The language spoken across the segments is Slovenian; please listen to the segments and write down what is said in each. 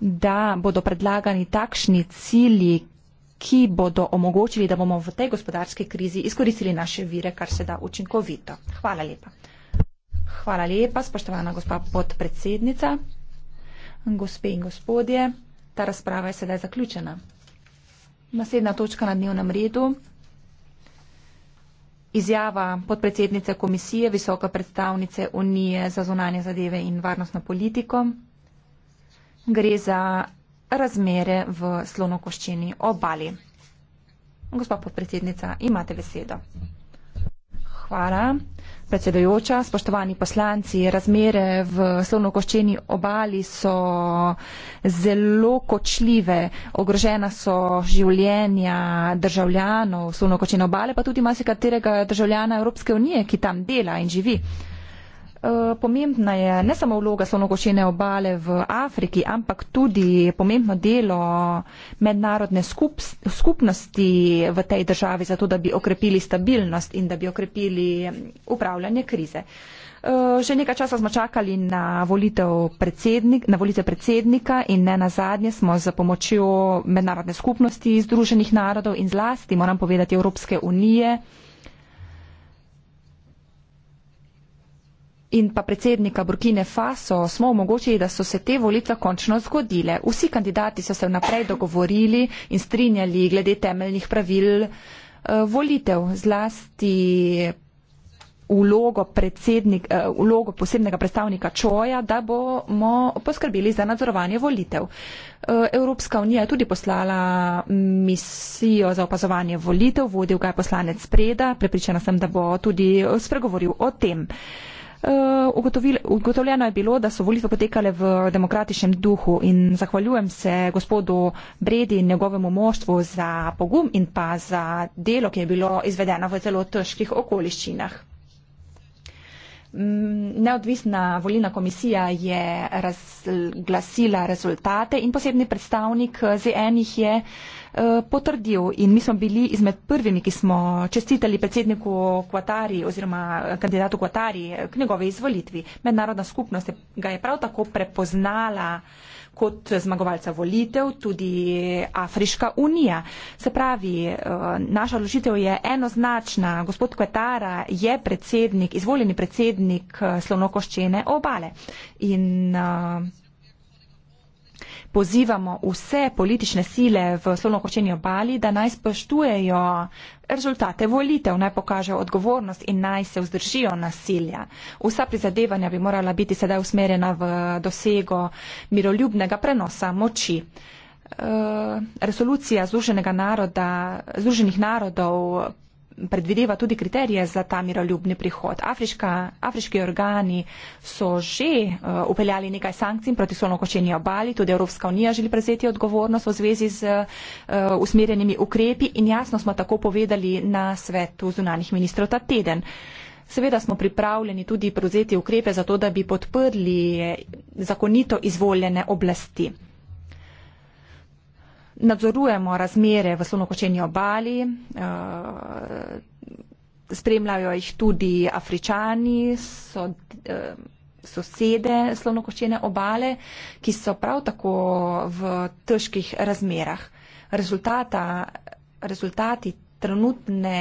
da bodo predlagani takšni cilji, ki bodo omogočili, da bomo v tej gospodarski krizi izkoristili naše vire, kar se da učinkovito. Hvala lepa. Hvala lepa, spoštovana gospa podpredsednica, gospe in gospodje. Ta razprava je sedaj zaključena. Naslednja točka na dnevnem redu. Izjava podpredsednice komisije, visoka predstavnice Unije za zunanje zadeve in varnostno politiko gre za razmere v slonokoščeni obali. Gospa podpredsednica, imate besedo. Hvala. Predsedojoča, spoštovani poslanci, razmere v slonokoščeni obali so zelo kočljive. Ogrožena so življenja državljanov slonokoščene obale, pa tudi masikaterega državljana Evropske unije, ki tam dela in živi. Eh, pomembna je ne samo vloga slonogočene obale v Afriki, ampak tudi pomembno delo mednarodne skup, skupnosti v tej državi, zato da bi okrepili stabilnost in da bi okrepili mm, upravljanje krize. Eh, že nekaj časa smo čakali na volitev predsednik, na volitev predsednika in ne na zadnje smo z pomočjo mednarodne skupnosti Združenih narodov in zlasti, moram povedati, Evropske unije, in pa predsednika Burkine Faso smo omogočili, da so se te volitve končno zgodile. Vsi kandidati so se vnaprej dogovorili in strinjali glede temeljnih pravil uh, volitev, zlasti vlogo, predsednik, uh, vlogo posebnega predstavnika Čoja, da bomo poskrbeli za nadzorovanje volitev. Uh, Evropska unija je tudi poslala misijo za opazovanje volitev, vodil ga je poslanec Preda, prepričana sem, da bo tudi spregovoril o tem. Uh, Eh, ugotovljeno je bilo, da so volitve potekale v demokratičnem duhu in zahvaljujem se gospodu Bredi in njegovemu moštvu za pogum in pa za delo, ki je bilo izvedeno v zelo težkih okoliščinah. Mm, neodvisna volilna komisija je razglasila rezultate in posebni predstavnik eh, ZN jih je uh, Eh, potrdil in mi smo bili izmed prvimi, ki smo čestitali predsedniku Kvatari oziroma kandidatu Kvatari k njegovi izvolitvi. Mednarodna skupnost ga je prav tako prepoznala kot zmagovalca volitev, tudi Afriška unija. Se pravi, eh, naša odločitev je enoznačna. Gospod Kvetara je predsednik, izvoljeni predsednik eh, slonokoščene obale. In pozivamo vse politične sile v slonokočenju Bali, da naj spoštujejo rezultate volitev, naj pokažejo odgovornost in naj se vzdržijo nasilja. Vsa prizadevanja bi morala biti sedaj usmerjena v dosego miroljubnega prenosa moči. Eh, resolucija Združenih narodov predvideva tudi kriterije za ta miroljubni prihod. Afriška, afriški organi so že uh, upeljali nekaj sankcij proti solnokočenji obali, tudi Evropska unija želi prezeti odgovornost v zvezi z uh, usmerjenimi ukrepi in jasno smo tako povedali na svetu zunanih ministrov ta teden. Seveda smo pripravljeni tudi prevzeti ukrepe za to, da bi podprli zakonito izvoljene oblasti nadzorujemo razmere v slonokočeni obali, eh, spremljajo jih tudi Afričani, so eh, sosede slonokočene obale, ki so prav tako v težkih razmerah. Rezultata, rezultati trenutne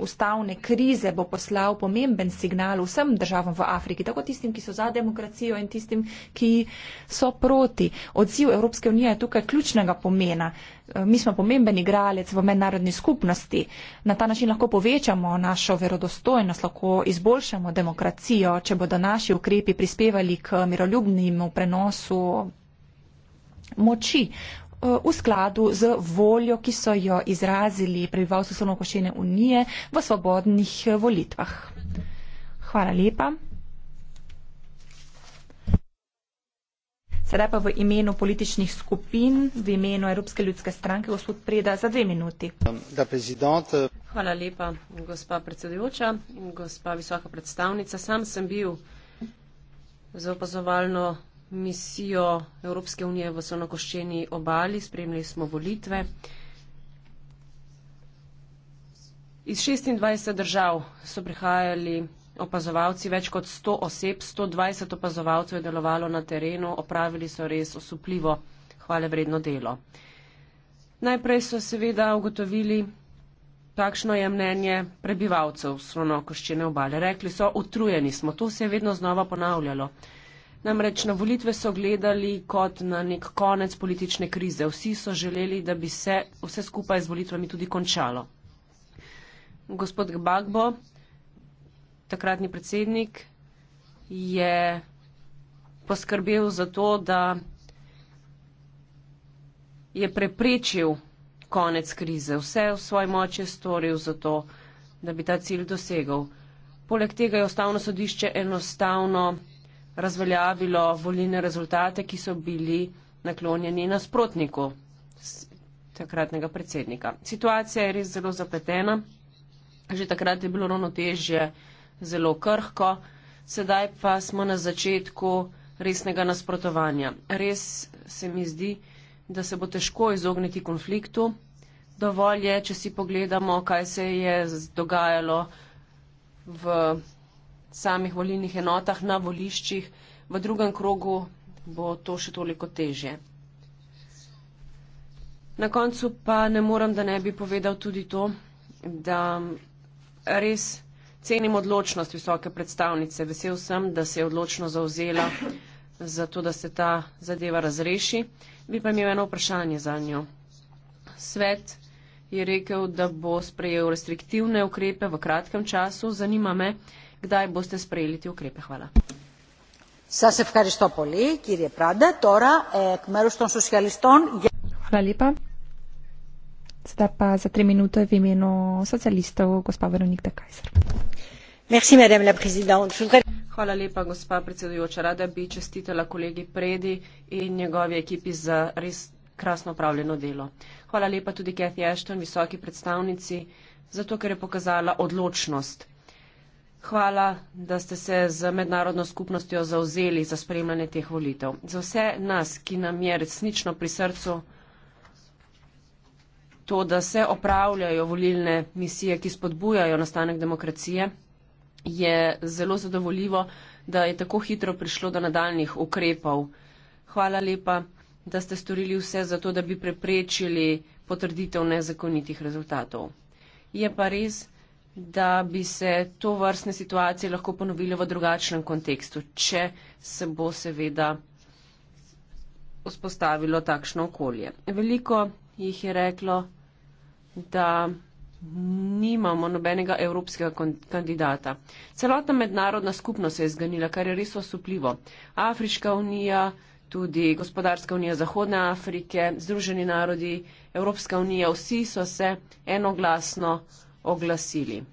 ustavne krize bo poslal pomemben signal vsem državam v Afriki, tako tistim, ki so za demokracijo in tistim, ki so proti. Odziv Evropske unije je tukaj ključnega pomena. E, mi smo pomemben igralec v mednarodni skupnosti. Na ta način lahko povečamo našo verodostojnost, lahko izboljšamo demokracijo, če bodo naši ukrepi prispevali k miroljubnemu prenosu moči Eh, v skladu z voljo, ki so jo izrazili prebivalstvo Slovenokošene unije v svobodnih eh, volitvah. Hvala lepa. Sedaj pa v imenu političnih skupin, v imenu Evropske ljudske stranke, gospod Preda, za dve minuti. Eh, Hvala lepa, gospa predsedujoča in gospa visoka predstavnica. Sam sem bil za opazovalno misijo Evropske unije v Sonokoščeni obali, spremljali smo volitve. Iz 26 držav so prihajali opazovalci, več kot 100 oseb, 120 opazovalcev je delovalo na terenu, opravili so res osupljivo hvale vredno delo. Najprej so seveda ugotovili, kakšno je mnenje prebivalcev Slonokoščine obale. Rekli so, utrujeni smo, to se je vedno znova ponavljalo. Namreč na volitve so gledali kot na nek konec politične krize. Vsi so želeli, da bi se vse skupaj z volitvami tudi končalo. Gospod Gbagbo, takratni predsednik, je poskrbel za to, da je preprečil konec krize. Vse v svoji moči je storil za to, da bi ta cilj dosegel. Poleg tega je ustavno sodišče enostavno razveljavilo volilne rezultate, ki so bili naklonjeni nasprotniku takratnega predsednika. Situacija je res zelo zapletena, že takrat je bilo ravnotežje zelo krhko, sedaj pa smo na začetku resnega nasprotovanja. Res se mi zdi, da se bo težko izogniti konfliktu. Dovolj je, če si pogledamo, kaj se je dogajalo v samih volilnih enotah, na voliščih, v drugem krogu bo to še toliko težje. Na koncu pa ne moram, da ne bi povedal tudi to, da res cenim odločnost visoke predstavnice. Vesel sem, da se je odločno zauzela za to, da se ta zadeva razreši. Bi pa imel eno vprašanje za njo. Svet je rekel, da bo sprejel restriktivne ukrepe v kratkem času. Zanima me, kdaj boste sprejeli te ukrepe. Hvala. Hvala lepa. Sedaj pa za tri minute v imenu socialistov, gospa Veronika Kajser. Hvala lepa, gospa predsedujoča. Rada bi čestitela kolegi Predi in njegovi ekipi za res krasno upravljeno delo. Hvala lepa tudi Kathy Ashton, visoki predstavnici, zato ker je pokazala odločnost Hvala, da ste se z mednarodno skupnostjo zauzeli za spremljanje teh volitev. Za vse nas, ki nam je resnično pri srcu to, da se opravljajo volilne misije, ki spodbujajo nastanek demokracije, je zelo zadovoljivo, da je tako hitro prišlo do nadaljnih ukrepov. Hvala lepa, da ste storili vse za to, da bi preprečili potrditev nezakonitih rezultatov. Je pa res, da bi se to vrstne situacije lahko ponovile v drugačnem kontekstu, če se bo seveda vzpostavilo takšno okolje. Veliko jih je reklo, da nimamo nobenega evropskega kandidata. Celotna mednarodna skupnost se je zganila, kar je res osupljivo. Afriška unija, tudi gospodarska unija Zahodne Afrike, Združeni narodi, Evropska unija, vsi so se enoglasno oglasili.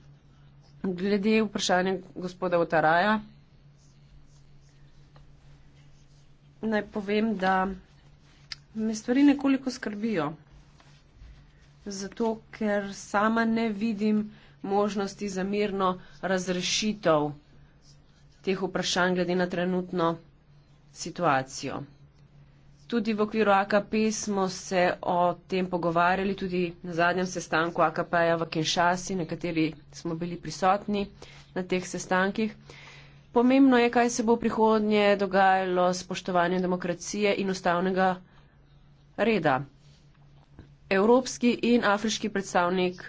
Glede vprašanja gospoda Otaraja, naj povem, da me stvari nekoliko skrbijo. Zato, ker sama ne vidim možnosti za mirno razrešitev teh vprašanj glede na trenutno situacijo. Tudi v okviru AKP smo se o tem pogovarjali, tudi na zadnjem sestanku AKP-ja v Kinshasi, na kateri smo bili prisotni na teh sestankih. Pomembno je, kaj se bo v prihodnje dogajalo s spoštovanjem demokracije in ustavnega reda. Evropski in afriški predstavnik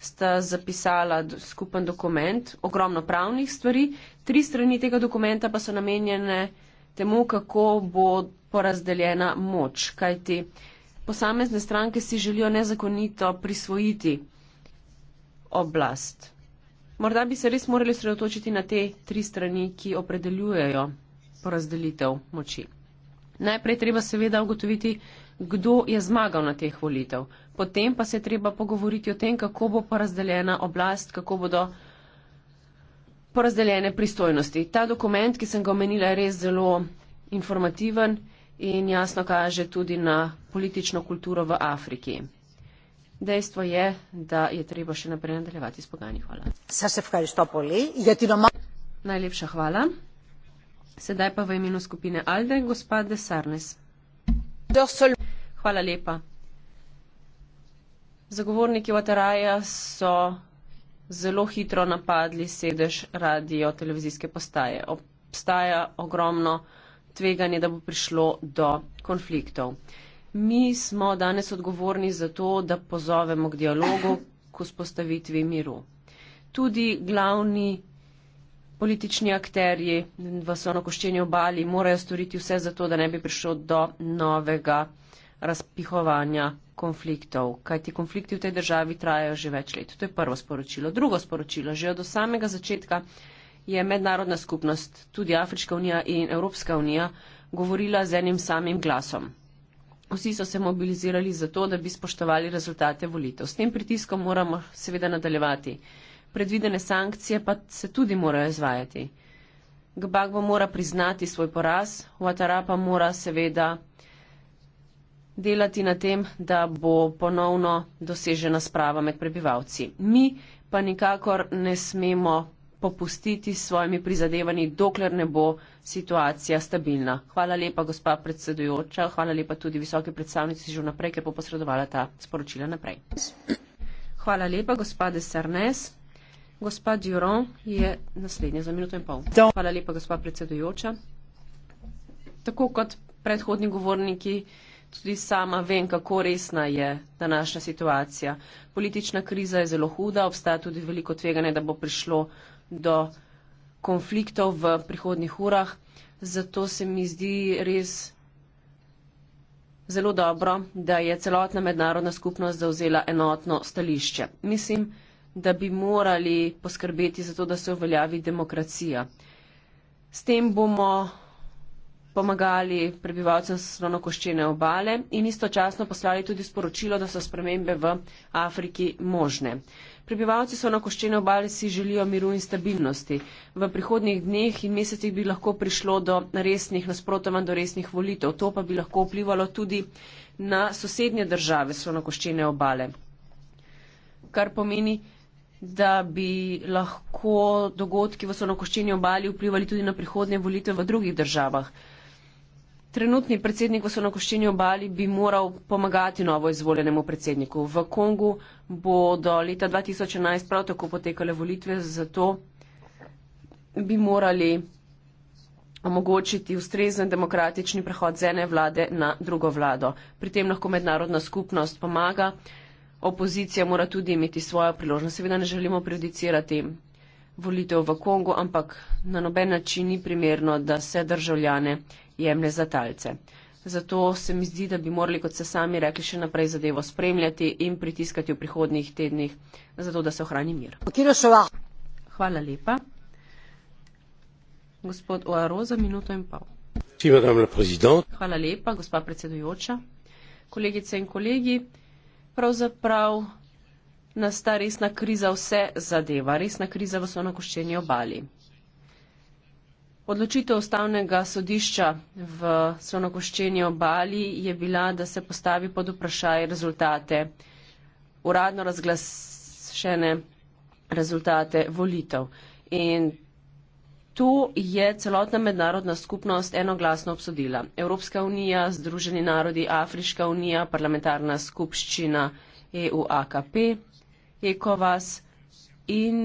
sta zapisala skupen dokument, ogromno pravnih stvari, tri strani tega dokumenta pa so namenjene temu, kako bo porazdeljena moč. Kajti posamezne stranke si želijo nezakonito prisvojiti oblast. Morda bi se res morali sredotočiti na te tri strani, ki opredeljujejo porazdelitev moči. Najprej treba seveda ugotoviti, kdo je zmagal na teh volitev. Potem pa se treba pogovoriti o tem, kako bo porazdeljena oblast, kako bodo porazdeljene pristojnosti. Ta dokument, ki sem ga omenila, je res zelo informativen in jasno kaže tudi na politično kulturo v Afriki. Dejstvo je, da je treba še naprej nadaljevati s pogajanji. Hvala. Najlepša hvala. Sedaj pa v imenu skupine Alde, gospod Desarnes. Hvala lepa. Zagovorniki Vataraja so zelo hitro napadli sedež radio televizijske postaje. Obstaja ogromno tveganje, da bo prišlo do konfliktov. Mi smo danes odgovorni za to, da pozovemo k dialogu, k vzpostavitvi miru. Tudi glavni politični akterji v Sonokoščeni obali morajo storiti vse za to, da ne bi prišlo do novega uh, razpihovanja konfliktov, kajti konflikti v tej državi trajajo že več let. To je prvo sporočilo. Drugo sporočilo, že od samega začetka je mednarodna skupnost, tudi Afriška unija in Evropska unija, govorila z enim samim glasom. Vsi so se mobilizirali za to, da bi spoštovali rezultate volitev. S tem pritiskom moramo seveda nadaljevati. Predvidene sankcije pa se tudi morajo izvajati. Gbagbo mora priznati svoj poraz, Watara pa mora seveda delati na tem, da bo ponovno dosežena sprava med prebivalci. Mi pa nikakor ne smemo popustiti s svojimi prizadevanji, dokler ne bo situacija stabilna. Hvala lepa, gospa predsedujoča, hvala lepa tudi visoke predstavnici že vnaprej, ker bo posredovala ta sporočila naprej. Hvala lepa, gospa de Sarnes. Gospa Durand je naslednja za minuto in pol. Hvala lepa, gospa predsedujoča. Tako kot predhodni govorniki, Tudi sama vem, kako resna je današnja situacija. Politična kriza je zelo huda, obstaja tudi veliko tveganja, da bo prišlo do konfliktov v prihodnih urah. Zato se mi zdi res zelo dobro, da je celotna mednarodna skupnost zauzela enotno stališče. Mislim, da bi morali poskrbeti za to, da se uveljavi demokracija. S tem bomo pomagali prebivalcem slonokoščene obale in istočasno poslali tudi sporočilo, da so spremembe v Afriki možne. Prebivalci slonokoščene obale si želijo miru in stabilnosti. V prihodnjih dneh in mesecih bi lahko prišlo do resnih nasprotovanj, do resnih volitev. To pa bi lahko vplivalo tudi na sosednje države slonokoščene obale. Kar pomeni, da bi lahko dogodki v slonokoščeni obali vplivali tudi na prihodnje volitve v drugih državah. Trenutni predsednik v Sonokoščini obali bi moral pomagati novo izvoljenemu predsedniku. V Kongu bo do leta 2011 prav tako potekale volitve, zato bi morali omogočiti ustrezen demokratični prehod z ene vlade na drugo vlado. Pri tem lahko mednarodna skupnost pomaga, opozicija mora tudi imeti svojo priložnost. Seveda ne želimo predicirati volitev v Kongu, ampak na noben način ni primerno, da se državljane jemlje za talce. Zato se mi zdi, da bi morali, kot ste sami rekli, še naprej zadevo spremljati in pritiskati v prihodnih tednih, zato da se ohrani mir. Hvala lepa. Gospod Oaro za minuto in pol. Hvala lepa, gospa predsedujoča. Kolegice in kolegi, pravzaprav nas ta resna kriza vse zadeva, resna kriza v Sonakoščeni obali. Odločitev ustavnega sodišča v slonokoščenju Bali je bila, da se postavi pod vprašaj rezultate, uradno razglašene rezultate volitev. In tu je celotna mednarodna skupnost enoglasno obsodila. Evropska unija, Združeni narodi, Afriška unija, parlamentarna skupščina EU-AKP, ECOVAS in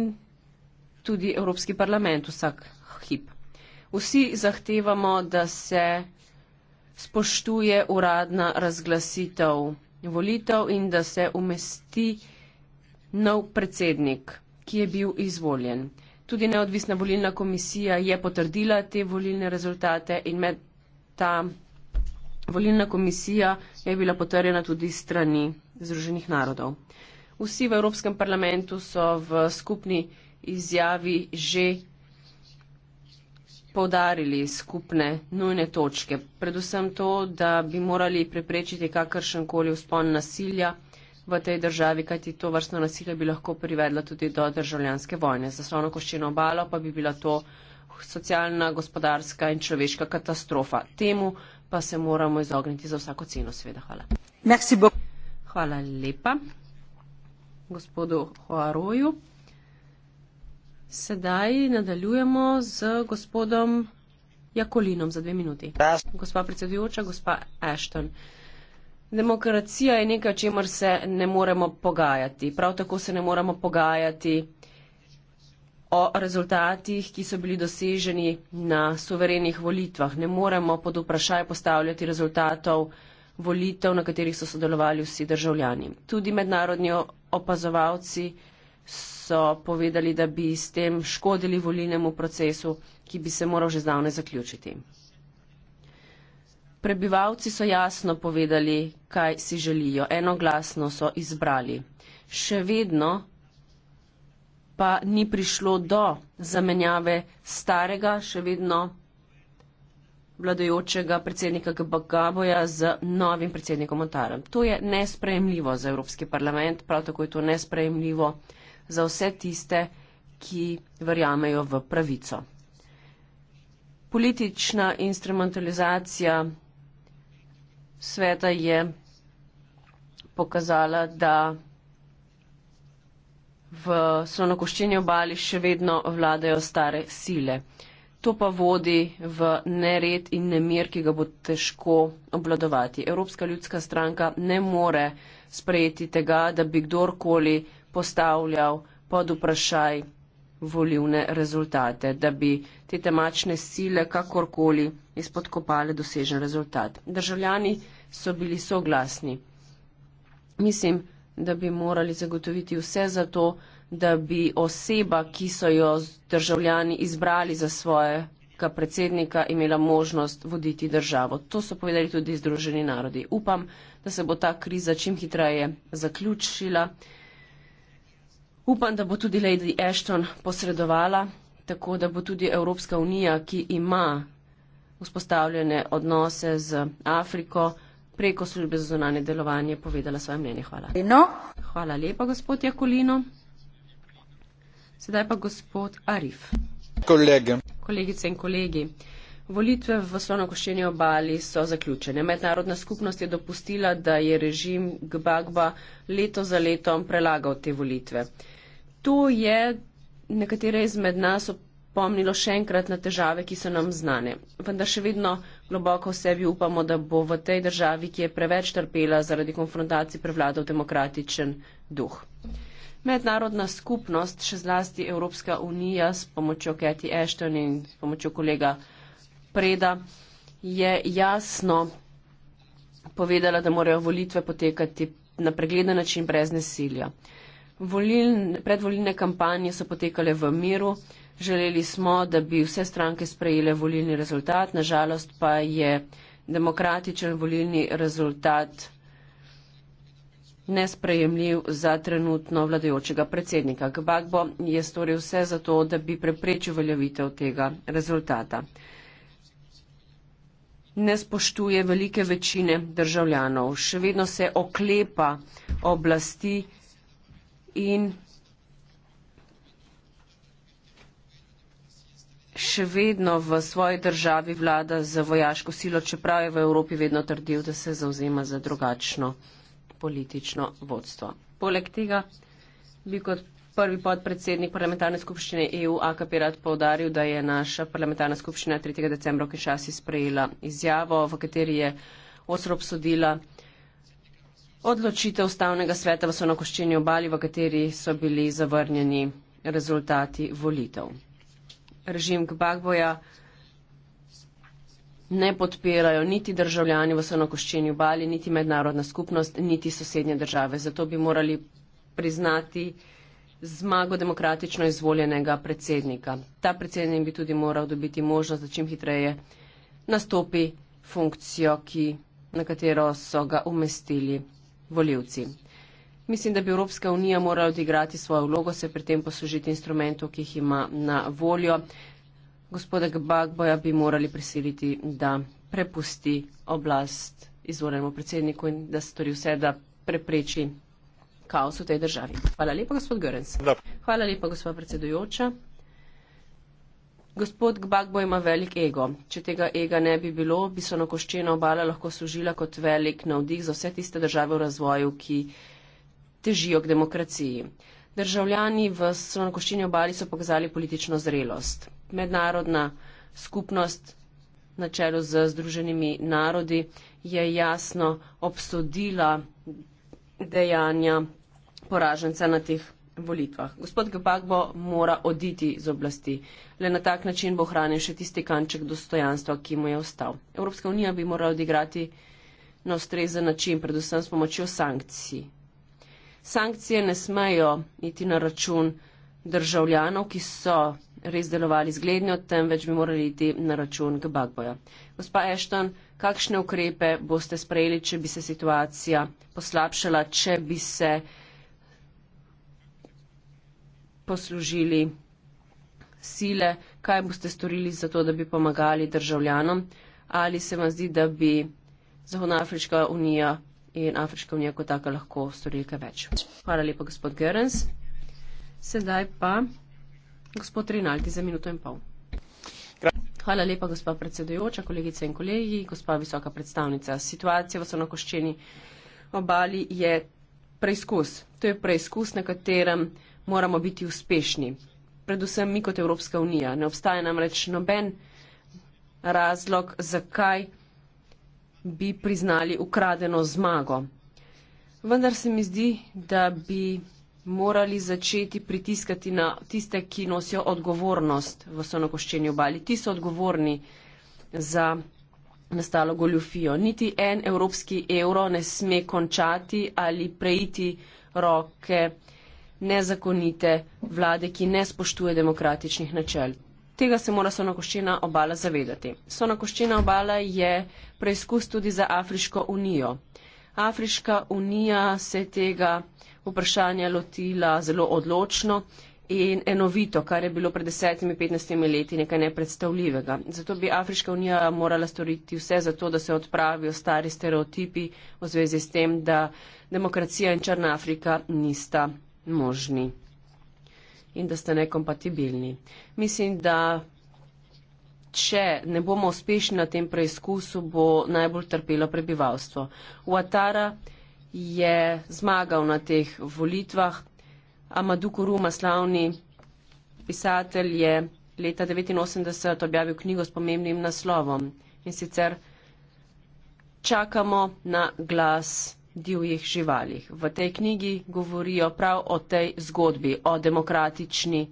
tudi Evropski parlament vsak hip vsi zahtevamo, da se spoštuje uradna razglasitev volitev in da se umesti nov predsednik, ki je bil izvoljen. Tudi neodvisna volilna komisija je potrdila te volilne rezultate in med ta volilna komisija je bila potrjena tudi strani Združenih narodov. Vsi v Evropskem parlamentu so v skupni izjavi že poudarili skupne nujne točke. Predvsem to, da bi morali preprečiti kakršen koli vzpon nasilja v tej državi, kajti to vrstno nasilje bi lahko privedlo tudi do državljanske vojne. Za slovno koščino obalo pa bi bila to socialna, gospodarska in človeška katastrofa. Temu pa se moramo izogniti za vsako ceno, seveda. Hvala. Hvala lepa gospodu Hoaroju. Sedaj nadaljujemo z gospodom Jakolinom za dve minuti. Gospa predsedujoča, gospa Ashton. Demokracija je nekaj, o čemer se ne moremo pogajati. Prav tako se ne moremo pogajati o rezultatih, ki so bili doseženi na suverenih volitvah. Ne moremo pod vprašaj postavljati rezultatov volitev, na katerih so sodelovali vsi državljani. Tudi mednarodni opazovalci so povedali, da bi s tem škodili volilnemu procesu, ki bi se moral že zdavne zaključiti. Prebivalci so jasno povedali, kaj si želijo. Enoglasno so izbrali. Še vedno pa ni prišlo do zamenjave starega, še vedno vladojočega predsednika Gbagaboja z novim predsednikom Otarem. To je nespremljivo za Evropski parlament, prav tako je to nespremljivo za vse tiste, ki verjamejo v pravico. Politična instrumentalizacija sveta je pokazala, da v slonokoščini obali še vedno vladajo stare sile. To pa vodi v nered in nemir, ki ga bo težko obladovati. Evropska ljudska stranka ne more sprejeti tega, da bi kdorkoli postavljal pod vprašaj volivne rezultate, da bi te temačne sile kakorkoli izpodkopale dosežen rezultat. Državljani so bili soglasni. Mislim, da bi morali zagotoviti vse za to, da bi oseba, ki so jo državljani izbrali za svojega predsednika, imela možnost voditi državo. To so povedali tudi Združeni narodi. Upam, da se bo ta kriza čim hitreje zaključila. Upam, da bo tudi Lady Ashton posredovala, tako da bo tudi Evropska unija, ki ima vzpostavljene odnose z Afriko, preko službe za zunanje delovanje povedala svoje mnenje. Hvala. Hvala lepa, gospod Jakolino. Sedaj pa gospod Arif. Kolege. Kolegice in kolegi. Volitve v slonokoščeni obali so zaključene. Mednarodna skupnost je dopustila, da je režim Gbagba leto za letom prelagal te volitve to je nekatere izmed nas opomnilo še enkrat na težave, ki so nam znane. Vendar še vedno globoko v sebi upamo, da bo v tej državi, ki je preveč trpela zaradi konfrontacij, prevladal demokratičen duh. Mednarodna skupnost, še zlasti Evropska unija s pomočjo Keti Ashton in s pomočjo kolega Preda, je jasno povedala, da morajo volitve potekati na pregleden način brez nasilja. Volilne, predvolilne kampanje so potekale v miru. Želeli smo, da bi vse stranke sprejele volilni rezultat, nažalost pa je demokratičen volilni rezultat nesprejemljiv za trenutno vladajočega predsednika. Gbagbo je storil vse za to, da bi preprečil veljavitev tega rezultata. Ne spoštuje velike večine državljanov, še vedno se oklepa oblasti in še vedno v svoji državi vlada za vojaško silo, čeprav je v Evropi vedno trdil, da se zauzema za drugačno politično vodstvo. Poleg tega bi kot prvi podpredsednik parlamentarne skupščine EU AKP rad povdaril, da je naša parlamentarna skupščina 3. decembra v Kešasi sprejela izjavo, v kateri je osrob sodila Odločitev ustavnega sveta so na koščeni obali, v kateri so bili zavrnjeni rezultati volitev. Režim Gbagboja ne podpirajo niti državljani v Sonokoščini v Bali, niti mednarodna skupnost, niti sosednje države. Zato bi morali priznati zmago demokratično izvoljenega predsednika. Ta predsednik bi tudi moral dobiti možnost, da čim hitreje nastopi funkcijo, ki, na katero so ga umestili voljivci. Mislim, da bi Evropska unija morala odigrati svojo vlogo, se pri tem poslužiti instrumentov, ki jih ima na voljo. Gospoda Gbagboja bi morali prisiliti, da prepusti oblast izvoljenemu predsedniku in da stori vse, da prepreči kaos v tej državi. Hvala lepa, gospod Görens. Hvala lepa, gospod predsedujoča. Gospod Gbagbo ima velik ego. Če tega ega ne bi bilo, bi se na koščeno obala lahko služila kot velik navdih za vse tiste države v razvoju, ki težijo k demokraciji. Državljani v Slonokoščini obali so pokazali politično zrelost. Mednarodna skupnost na čelu z Združenimi narodi je jasno obsodila dejanja poraženca na teh volitvah. Gospod Gbagbo mora oditi z oblasti. Le na tak način bo hranil še tisti kanček dostojanstva, ki mu je ostal. Evropska unija bi morala odigrati na ustrezen način, predvsem s pomočjo sankcij. Sankcije ne smejo iti na račun državljanov, ki so res delovali zglednjo, temveč bi morali iti na račun Gbagboja. Gospa Ashton, kakšne ukrepe boste sprejeli, če bi se situacija poslabšala, če bi se poslužili sile, kaj boste storili za to, da bi pomagali državljanom, ali se vam zdi, da bi Zahodnoafriška unija in Afriška unija kot taka lahko storili kaj več. Hvala lepa, gospod Gerens. Sedaj pa gospod Rinaldi za minuto in pol. Hvala lepa, gospa predsedujoča, kolegice in kolegi, gospa visoka predstavnica. Situacija v Sonokoščeni obali je preizkus. To je preizkus, na katerem moramo biti uspešni. Predvsem mi kot Evropska unija. Ne obstaja namreč noben razlog, zakaj bi priznali ukradeno zmago. Vendar se mi zdi, da bi morali začeti pritiskati na tiste, ki nosijo odgovornost v sonokoščenju obali. Ti so odgovorni za nastalo goljufijo. Niti en evropski evro ne sme končati ali preiti roke nezakonite vlade, ki ne spoštuje demokratičnih načel. Tega se mora Sonakoščena obala zavedati. Sonakoščena obala je preizkus tudi za Afriško unijo. Afriška unija se tega vprašanja lotila zelo odločno in enovito, kar je bilo pred 10-15 leti nekaj nepredstavljivega. Zato bi Afriška unija morala storiti vse za to, da se odpravijo stari stereotipi v zvezi s tem, da demokracija in Črna Afrika nista možni in da ste nekompatibilni. Mislim, da če ne bomo uspešni na tem preizkusu, bo najbolj trpelo prebivalstvo. Uatara je zmagal na teh volitvah, Amaduku Ruma, slavni pisatelj, je leta 1989 objavil knjigo s pomembnim naslovom in sicer čakamo na glas divjih živalih. V tej knjigi govorijo prav o tej zgodbi, o demokratični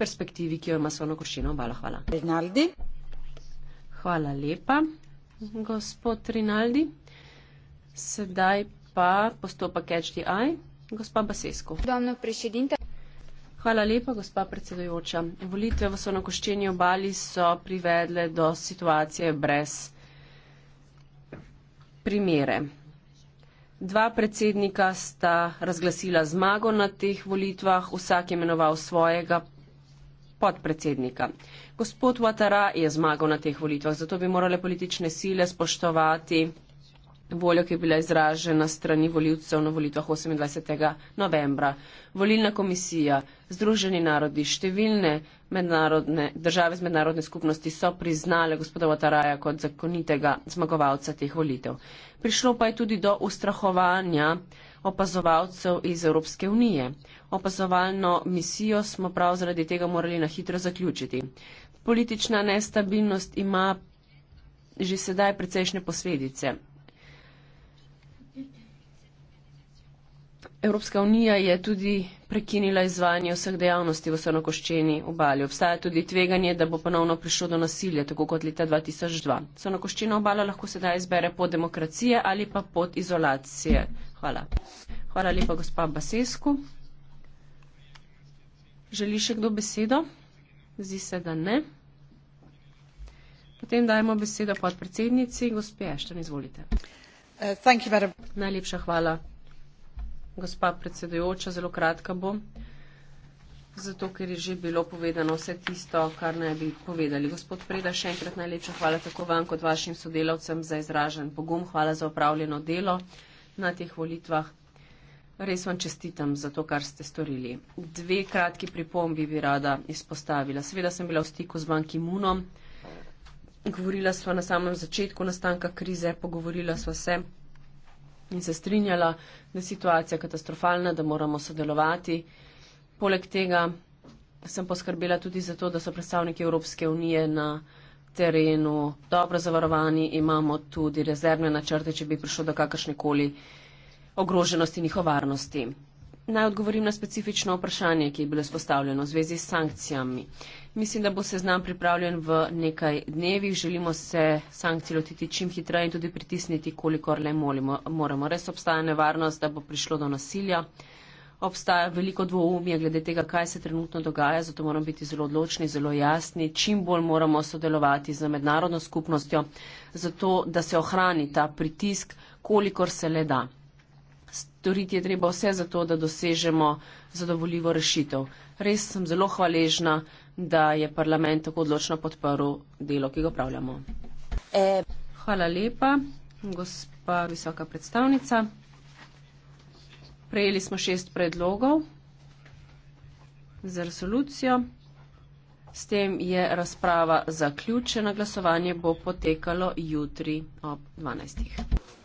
perspektivi, ki jo ima Svono Koščino. Hvala, hvala. Rinaldi. Hvala lepa, gospod Rinaldi. Sedaj pa postopek HDI, gospa Basesko. Hvala lepa, gospa predsedujoča. Volitve v Svono Koščini obali so privedle do situacije brez primere. Dva predsednika sta razglasila zmago na teh volitvah, vsak je imenoval svojega podpredsednika. Gospod Watara je zmagal na teh volitvah, zato bi morale politične sile spoštovati voljo, ki je bila izražena strani voljivcev na volitvah 28. novembra. Volilna komisija, Združeni narodi, številne države z mednarodne skupnosti so priznale gospoda Vataraja kot zakonitega zmagovalca teh volitev. Prišlo pa je tudi do ustrahovanja opazovalcev iz Evropske unije. Opazovalno misijo smo prav zaradi tega morali na hitro zaključiti. Politična nestabilnost ima že sedaj precejšnje posledice. Evropska unija je tudi prekinila izvajanje vseh dejavnosti v Sonokoščeni obali. Obstaja tudi tveganje, da bo ponovno prišlo do nasilja, tako kot leta 2002. Sonokoščena obala lahko sedaj izbere pod demokracije ali pa pod izolacije. Hvala. Hvala lepa, gospa Basesku. Želi še kdo besedo? Zdi se, da ne. Potem dajemo besedo podpredsednici, gospe Ešten, izvolite. Uh, you, Najlepša hvala gospa predsedujoča, zelo kratka bom, zato ker je že bilo povedano vse tisto, kar naj bi povedali. Gospod Preda, še enkrat najlepša hvala tako vam kot vašim sodelavcem za izražen pogum, hvala za opravljeno delo na teh volitvah. Res vam čestitam za to, kar ste storili. Dve kratki pripombi bi rada izpostavila. Seveda sem bila v stiku z Banki Munom, govorila sva na samem začetku nastanka krize, pogovorila sva se in se strinjala, da je situacija katastrofalna, da moramo sodelovati. Poleg tega sem poskrbela tudi za to, da so predstavniki Evropske unije na terenu dobro zavarovani, imamo tudi rezervne načrte, če bi prišlo do kakršnekoli ogroženosti njihovarnosti. Naj odgovorim na specifično vprašanje, ki je bilo spostavljeno v zvezi s sankcijami. Mislim, da bo se znam pripravljen v nekaj dnevih. Želimo se sankcij lotiti čim hitreje in tudi pritisniti, kolikor le molimo. moramo. Res obstaja nevarnost, da bo prišlo do nasilja. Obstaja veliko dvoumje glede tega, kaj se trenutno dogaja, zato moramo biti zelo odločni, zelo jasni. Čim bolj moramo sodelovati z mednarodno skupnostjo, zato da se ohrani ta pritisk, kolikor se le da. Storiti je treba vse za to, da dosežemo zadovoljivo rešitev. Res sem zelo hvaležna, da je parlament tako odločno podporil delo, ki ga upravljamo. E. Hvala lepa, gospa visoka predstavnica. Prejeli smo šest predlogov za resolucijo. S tem je razprava zaključena. Glasovanje bo potekalo jutri ob 12.